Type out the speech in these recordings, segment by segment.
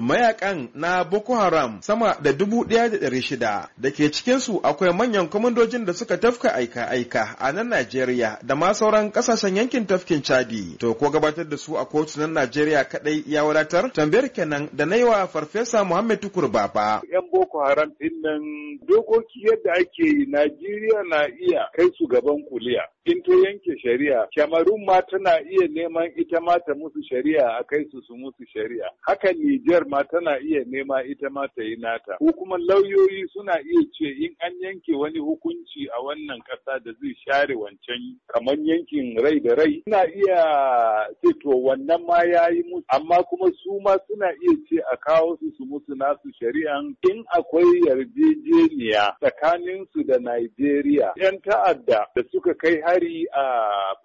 mayakan na Boko Haram sama da dubu ɗaya da ɗari shida da ke cikinsu akwai manyan kwamandojin da suka tafka aika-aika a nan Najeriya da ma sauran ƙasashen yankin tafkin Chadi. To ko gabatar da su a kotunan Najeriya kaɗai ya wadatar? Tambayar kenan da na yi wa Farfesa Muhammad Tukur Baba. Yan Boko Haram ɗin nan dokoki yadda ake yi Najeriya na iya kai su gaban kuliya. in to yanke shari'a kyamarun ma tana iya neman ita ma ta musu shari'a a kai su su musu shari'a haka Nijar ma tana iya nema ita ma ta yi nata ko lauyoyi suna iya ce in an yanke wani hukunci a wannan kasa da zai share wancan kamar yankin rai da rai suna iya ce to wannan ma ya yi musu amma kuma su ma suna iya ce a kawo su su musu nasu shari'an in akwai yarjejeniya tsakaninsu da Najeriya 'yan ta'adda da suka kai har hari a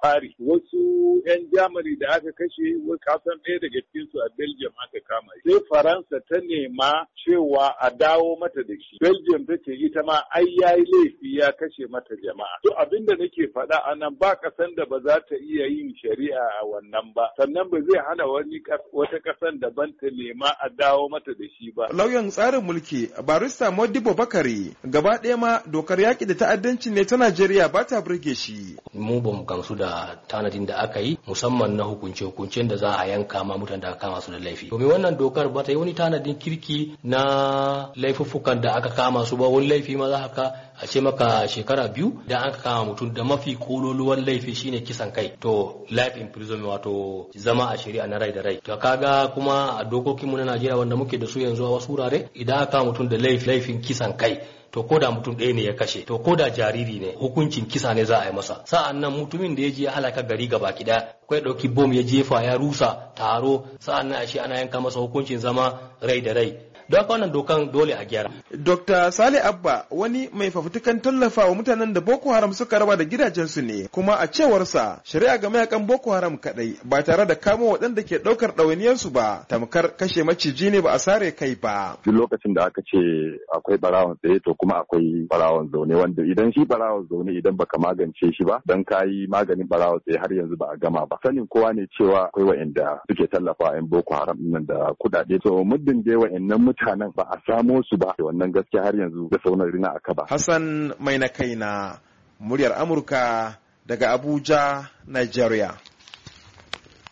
Paris. Wasu 'yan Jamani da aka kashe kasan ɗaya daga cikinsu a Belgium aka kama. Sai Faransa ta nema cewa a dawo mata da shi. Belgium ta ce ita ma ai ya yi laifi ya kashe mata jama'a. To abin da nake faɗa a nan ba san da ba za ta iya yin shari'a a wannan ba sannan ba zai hana wani wata da ban ta nema a dawo mata da shi ba. Lauyan tsarin mulki barista Modibo Bakari gaba ɗaya ma dokar yaƙi da ta'addanci ne ta Najeriya ba ta burge shi. Mu ba mu gamsu da tanadin da aka yi musamman na hukunce-hukuncen da za a yanka ma mutane da aka kama su da laifi. Domin wannan dokar ba ta yi wani tanadin kirki na laifuffukan da aka kama su ba wani laifi ma za ka a ce maka shekara biyu da aka kama mutum da mafi kololuwan laifi shine kisan kai to life imprisonment wato zama a shari'a na rai da rai to kaga kuma a dokokinmu na Najeriya wanda muke da su yanzu a wasu wurare idan aka mutum da laifin kisan kai to koda mutum ɗaya ne ya kashe to koda jariri ne hukuncin kisa ne za a yi masa sa'an nan mutumin da ya je ya halaka gari ga baki ɗaya kai ɗauki bom ya jefa ya rusa taro sa'an nan a shi ana yanka masa hukuncin zama rai da rai don haka wannan dokan dole a gyara. Dr. Sale Abba wani mai fafutukan tallafa wa mutanen da Boko Haram suka raba da gidajensu ne kuma a cewarsa shari'a ga mayakan Boko Haram kadai ba tare da kamo waɗanda ke ɗaukar su ba tamkar kashe maciji ne ba a sare kai ba. Duk lokacin da aka ce akwai barawon tsaye to kuma akwai barawon zaune wanda idan shi barawon zaune idan baka magance shi ba dan kayi maganin barawon sai har yanzu ba a gama ba sanin kowa ne cewa akwai wa'anda suke tallafa yan boko haram nan da kudade so muddin dai wa'annan mutanen ba a samo su ba wannan gaskiya har yanzu da saunar rina aka ba Hassan mai na kaina muryar Amurka daga Abuja Nigeria